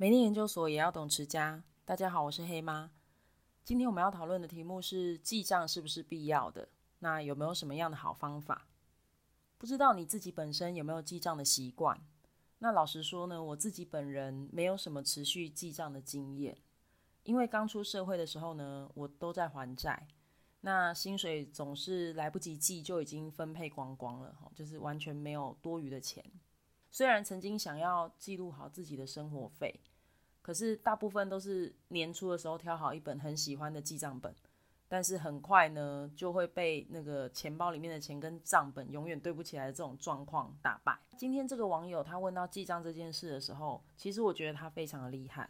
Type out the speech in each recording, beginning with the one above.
沒念研究所也要懂持家。大家好，我是黑媽。今天我們要討論的題目是記賬是不是必要的？那有沒有什麼樣的好方法？不知道你自己本身有沒有記賬的習慣？那老實說呢，我自己本人沒有什麼持續記賬的經驗，因為剛出社會的時候呢，我都在還債，那薪水總是來不及記就已經分配光光了，吼，就是完全沒有多餘的錢。雖然曾經想要記錄好自己的生活費。可是大部分都是年初的時候，挑好一本很喜歡的記賬本但是很快呢就會被那個錢包裡面的錢跟賬本永遠對不起來的這種狀況打敗。今天這個網友他問到記賬這件事的時候，其實我覺得他非常的厲害，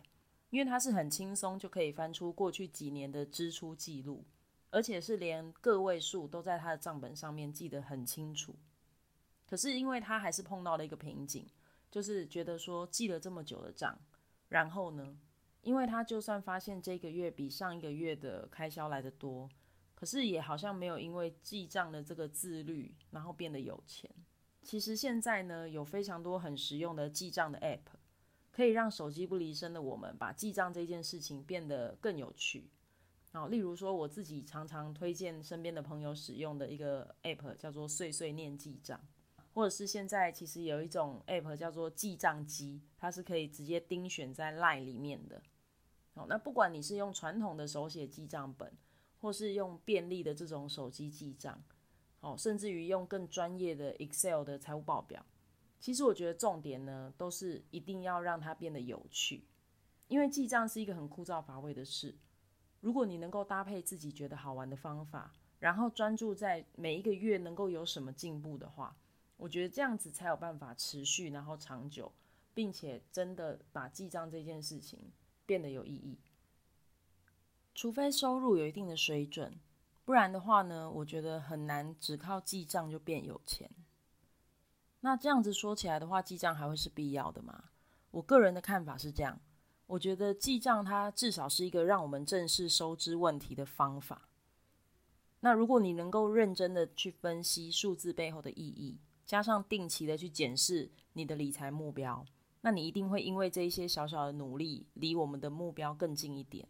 因為他是很輕鬆就可以翻出過去幾年的支出記錄，而且是連個位數都在他的賬本上面記得很清楚。可是因為他還是碰到了一個瓶頸，就是覺得說，記了這麼久的賬然後呢，因為他就算發現這個月比上一個月的開銷來得多，可是也好像沒有因為記賬的這個自律，然後變得有錢。其實現在呢，有非常多很實用的記賬的 app，可以讓手機不離身的我們，把記賬這件事情變得更有趣。然後，例如說我自己常常推薦身邊的朋友使用的一個 app，叫做“碎碎念記賬”。或者是現在其實有一種 app 叫做記賬機，它是可以直接釘選在 LINE 裡面的。哦，那不管你是用傳統的手寫記賬本，或是用便利的這種手機記賬，哦，甚至於用更專業的 Excel 的財務報表，其實我覺得重點呢，都是一定要讓它變得有趣，因為記賬是一個很枯燥乏味的事。如果你能夠搭配自己覺得好玩的方法，然後專注在每一個月能夠有什麼進步的話。我覺得這樣子才有辦法持續，然後長久，並且真的把記賬這件事情變得有意義。除非收入有一定的水準，不然的話呢，我覺得很難只靠記賬就變有錢。那這樣子說起來的話，記賬還會是必要的嗎？我個人的看法是這樣，我覺得記賬它至少是一個讓我們正視收支問題的方法。那如果你能夠認真的去分析數字背後的意義。加上定期的去檢視你的理財目標，那你一定會因為這一些小小的努力，離我們的目標更近一點。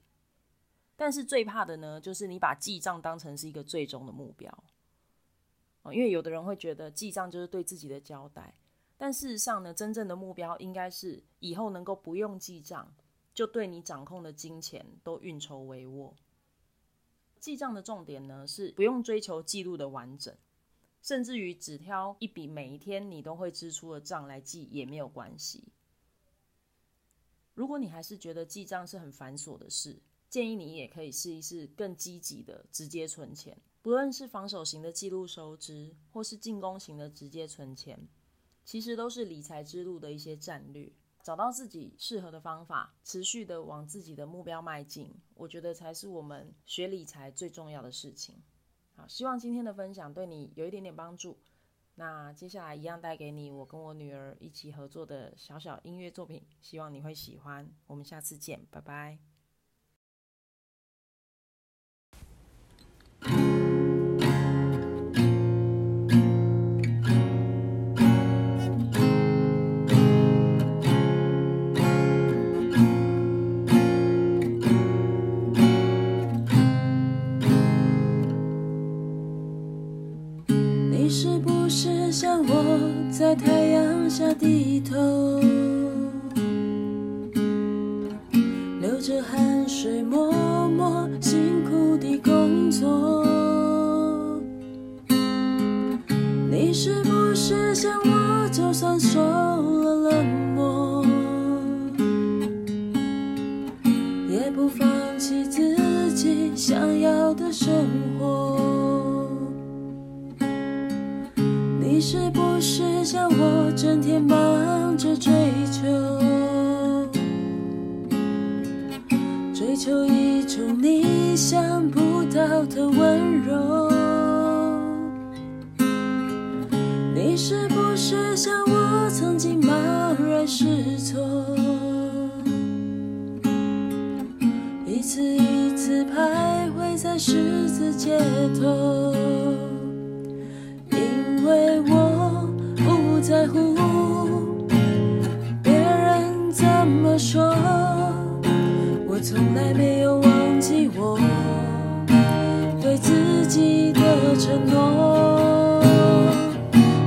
但是最怕的呢，就是你把記賬當成是一個最終的目標。哦，因為有的人會覺得記賬就是對自己的交代，但事實上呢，真正的目標應該是以後能夠不用記賬，就對你掌控的金錢都運籌帷幄。記賬的重點呢，是不用追求記錄的完整。甚至於只挑一筆每一天你都會支出的賬來記也沒有關係。如果你還是覺得記賬是很繁瑣的事，建議你也可以試一試更積極的直接存錢。不論是防守型的記錄收支，或是進攻型的直接存錢，其實都是理財之路的一些戰略。找到自己適合的方法，持續的往自己的目標邁進，我覺得才是我們學理財最重要的事情。希望今天的分享對你有一點點幫助。那接下來一樣帶給你我跟我女兒一起合作的小小音樂作品，希望你會喜歡。我們下次見，拜拜。在太陽下低頭，流着汗水默默辛苦地工作。你是不是像我，就算受了冷漠，也不放棄自己想要的生活？求一種意想不到的溫柔，你是不是像我曾經茫然失措，一次一次徘徊在十字街頭，因為我不在乎。從來沒有忘記我對自己的承諾，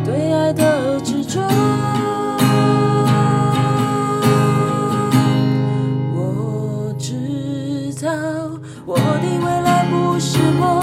對愛的執着。我知道我的未來不是夢。